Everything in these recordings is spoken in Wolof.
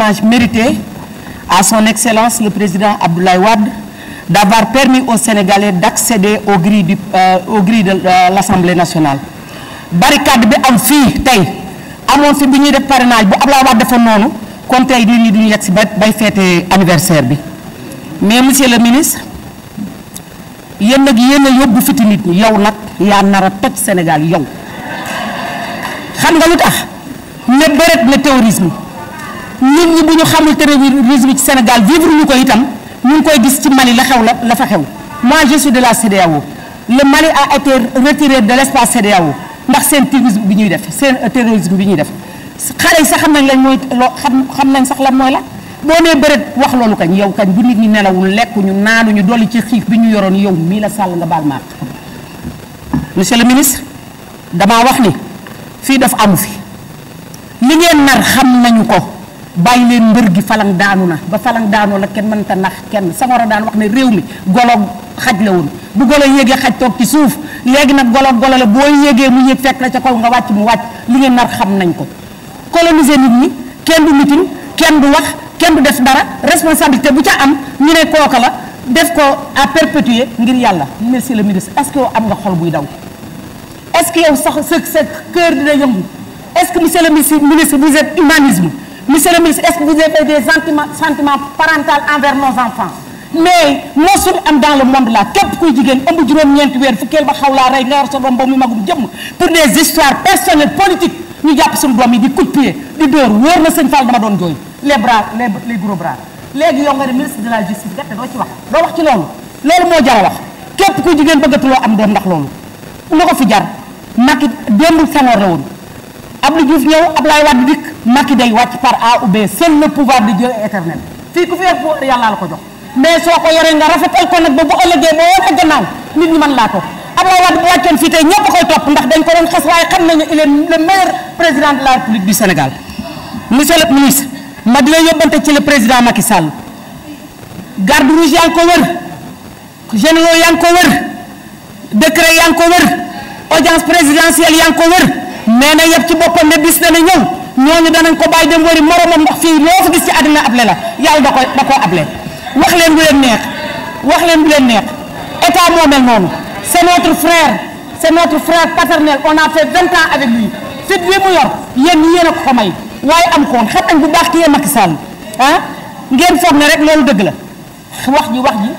hommage mérité à son Excellence le Président Abdoulaye Wade d'avoir permis aux Sénégalais d'accéder aux grilles du euh, aux grilles de euh, l'Assemblée nationale barricade bi am fii tey amoon fi bu ñuy def parrainage bu Abdoulaye Wade defoon noonu kon tey nit ñi duñu si ba bay feete anniversaire bi mais monsieur le ministre yéen nag yéen a yóbbu fiti nit yow nag yaa nar toj Sénégal yow xam nga lu tax ne bëret ne terrorisme nit ñi bu ñu xamul terrorisme ci Sénégal vivre ñu ko itam ñu ngi koy gis ci Mali la xew la la fa xew moi je de la CEDEAO le Mali a été retiré de l' espace CEDEAO ndax seen terrorisme bi ñuy def seen terrorisme bi ñuy def xale yi sax xam nañ lañ mooy loo xam xam nañ sax lan mooy la boo nee bëreet wax loolu kañ yow kañ bu nit ñi nelawul lekkuñu naanuñu dolli ci xiif bi ñu yoroon yow mii la sàll nga baal maak monsieur le ministre damaa wax ni fii amu fi li ngeen nar xam nañu ko. bàyyi leen mbër gi falang daanu na ba falang daanu la kenn mënta nax kenn Senghor a daan wax ne réew mi golo xaj la woon bu golo yéegee xaj toog ci suuf léegi nag golo golo la boo yéegee mu yéeg fekk la ca kaw nga wàcc mu wàcc li ngeen nar xam nañ ko coloniser nit ñi kenn du mitin kenn du wax kenn du def dara responsabilité bu ca am ñu ne kooka la def ko à perpétuer ngir yàlla monsieur le ministre est-ce que yow am nga xol buy daw est que yow sax sa sa di dina yëngu est-ce que monsieur le ministre vous êtes Monsieur le ministre, est-ce que vous avez des sentiments, sentiments parentaux envers nos enfants mais mosul am dans monde là képp kuy jigéen ëmb juróom-ñeenti weer fukkeel ba xaw laa rey nga war sa doom ba muy magum jëmm pour des histoires personnelles politiques ñu jàpp suñu doom yi di coup de pied di dóor wóor na sëñ Fall dama doon jooy les bras les gros bras léegi yow nga ne ministre de la justice gerte doo ci wax doo wax ci loolu loolu moo jar a wax képp kuy Abdou Diouf ñëw Abdoulaye Wade dikk Macky day wàcc par A ou B seul le pouvoir de Dieu est éternel fii ku fi yor yàlla la ko jox mais soo ko yoree nga rafetal ko nag ba bu ëllëgee boo wane gannaaw nit ñi mën laa topp Abdoulaye Wade bu wàccoon fii tey ñëpp koy topp ndax dañ ko doon xas waaye xam nañu il est le meilleur président de la République du Sénégal monsieur le ministre ma di la ci le président Macky Sall garde rouge yaa ngi ko wër généraux yaa ngi ko wër décret yaa ngi ko nee na yëpp ci boppam ne bis dana ñëw ñooñu danañ ko bàyyi dem wëri moromam ndax fii loo fi gis ci àddina able la yàlla da koy da koo able leen bu leen neex wax leen bu neex état moo mel noonu c'est notre frère c'est notre frère paternel on a fait vingt ans avec lui fit wi mu yor yéen ñi yéen a ko ko may am koon xam nañ bu baax ki yéen Macky Sall ah ngeen foog ne rek loolu dëgg la wax ji wax ji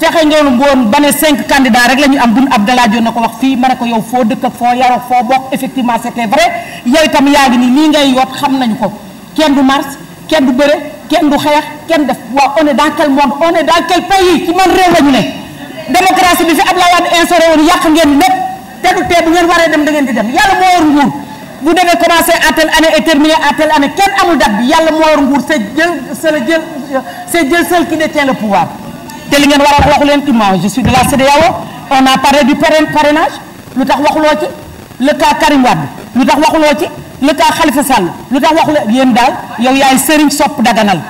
fexe ngeen woon ba ne cinq candidats rek la ñu am bun Abdallah Dione na ko wax fii ma ne ko yow foo dëkk foo yaroo foo bokk effectivement c'était vrai yow itam yaa ngi nii lii ngay yoot xam nañu ko kenn du mars kenn du bëre kenn du xeex kenn def waaw on est dans quel monde on est dans quel ci man réew la ne démocratie bi fi Abdoulaye Wade instauré woon yàq ngeen lépp te du tee bu ngeen waree dem da ngeen di dem yàlla moo yor nguur bu demee commencé à telle année et terminé à telle année kenn amul date bi yàlla moo yor nguur te li ngeen war a waxu leen ci moi je suis de la CEDEAO on a parlé du parrainage lu tax waxuloo ci le cas Karim Wade lu tax waxuloo ci le cas Khalifa Sall lu tax waxuloo yéen daal yow yaay Serigne Sopp daganal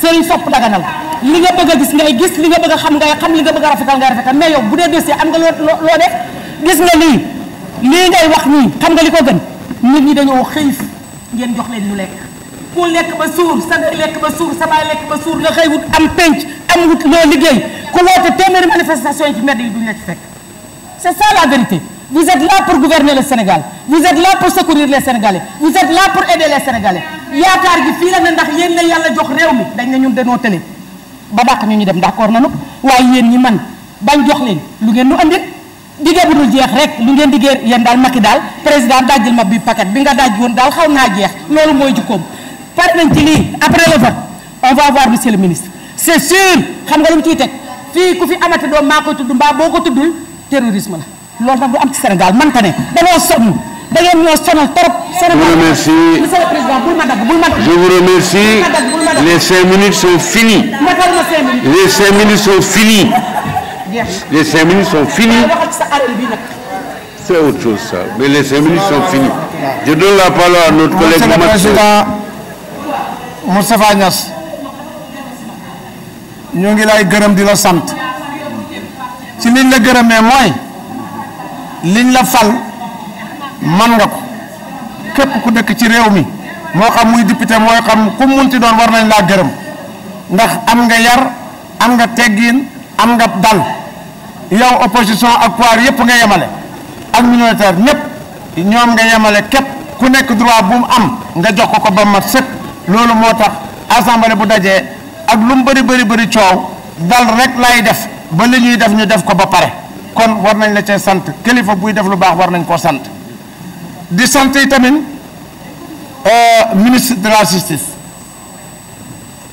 Serigne Sopp daganal li nga bëgg a gis ngay gis li nga bëgg a xam ngay xam li nga bëgg a rafetal ngay rafetal mais yow bu dee dossier am nga loo loo def gis nga lii lii ngay wax nii xam nga li ko gën nit ñi dañoo xiif ngeen jox leen lu lekk lekk ba suur sa lekk ba suur sa baay yaa ngi wut loo liggéey ku woote téeméeri manifestation yi ci mbedd yi duñ la ci fekk c'est ça la vérité vous êtes là pour gouverner le Sénégal vous êtes là pour secourir les Sénégalais vous êtes là pour aider les Sénégalais yaakaar gi fii la ndax yéen la yàlla jox réew mi dañ ne ñun dañoo tële ba dàq ñu ñu dem d'accord nanu waaye yéen ñi man bañ jox leen lu ngeen nu andil diggée bu dul jeex rek lu ngeen diggée yéen daal Macky daal président dajjil ma bi paquet bi nga daj woon daal naa jeex loolu mooy c'est sûr xam ku fi amati doom maa koy tudd mbaa boo ko tuddul terrorisme la loolu nag du am ci Sénégal man ta ne dañoo trop. Sénégal je vous remercie ma dagg bul ma dagg. je vous remercie les cinq minutes sont finies. matal ma les cinq minutes sont finies. les cinq minutes sont finies. je donne la parole à notre collègue. monsieur le président ñoo ngi lay gërëm di la sant si liñ la gërëmee mooy liñ la fal man nga ko képp ku dëkk ci réew mi moo xam muy député mooy xam ku munti doon war nañ laa gërëm ndax am nga yar am nga teggiin am nga dal yow opposition ak pouvoir yëpp nga yemale ak minoritaire ñëpp ñoom nga yemale képp ku nekk droit bu am nga jox ko ko ba mat sëkk loolu moo tax assemblée bu dajee ak lu mu bari bari bëri coow dal rek lay def ba li ñuy def ñu def ko ba pare kon war nañ la cee sant kilifa buy def lu baax war nañ koo sant di sant yi tamit euh, ministre de la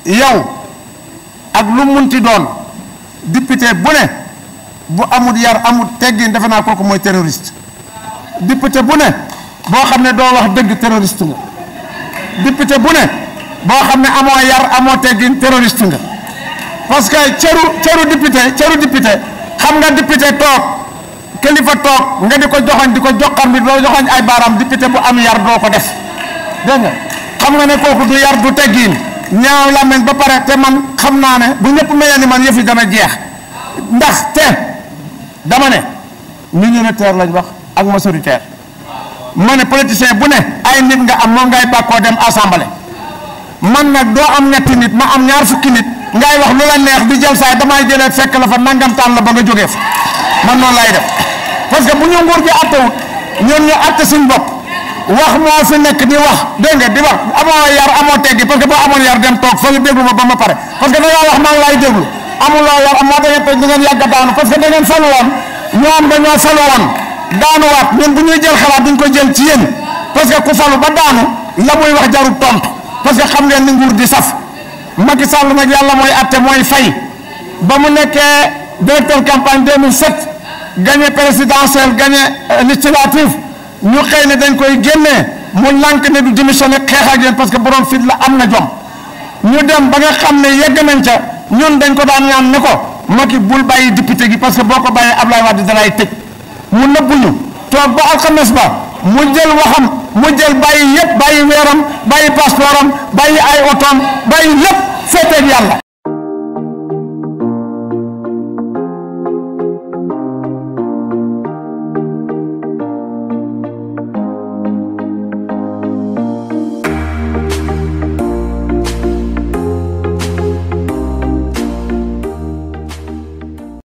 yow ak lu munti doon député bu ne bu amul yar amut teggin defe naa kooku mooy terroriste député bu ne boo xam ne doo wax dëgg terroriste nga député bu ne boo xam ne amoo yar amoo teggin terroriste nga parce que cëru cëru député cëru député xam nga député toog kilifa toog nga di ko joxoñ di ko jox joxar bi doo joxoñ ay baaraam député bu am yar doo ko def dégg nga xam nga ne kooku du yar du teggin ñaaw làmmiñ ba pare te man xam naa ne bu ñëpp mel ni man yëf yi dana jeex ndax te dama ne minoritaire lañ wax ak majoritaire ma ne politicien bu ne ay nit nga am moom ngay bàkkoo dem assemblée. man nag doo am ñetti nit ma am ñaar fukki nit ngay wax lu la neex di jël saay damay jëlee fekk la fa nangam taal la ba nga jógee fa man noonu lay def parce que bu ñu nguur gi attewut ñoom ñu atte suñu bopp wax moo fi nekk di wax dégg nga di wax amoo yar amoo teggi parce que boo amoon yar dem toog fële déglu ma ba ma pare parce que da ngaa wax man laay déglu amuloo yar am moo da ngeen teg da ngeen yàgg a daanu parce que da ngeen falu woon ñoom dañoo falu woon daanuwaat ñun bu ñuy jël xalaat duñ ko jël ci yéen parce que ku falu ba daanu la muy wax jarut tontu. parce que xam ngeen ni nguur di saf Macky Sall nag yàlla mooy atte mooy fay ba mu nekkee directeur campagne 2007 gagné présidentielle gagné euh, législative ñu xëy ne dañ koy génnee mu lànk ne du démissionné xeex ak yéen parce que borom fit la am na jom ñu dem ba xam ne yegg nañ ca ñun dañ ko daan ñaan ne ko Macky bul bàyyi député gi parce que boo ko bàyyee Ablaye Wade dalay tëj mu nëbbuñu toog ba alxames ba mu jël waxam. mu jël bàyyi yëpp bàyyi weeram bàyyi passeport am bàyyi ay otoom bàyyi lépp seeteeg yàlla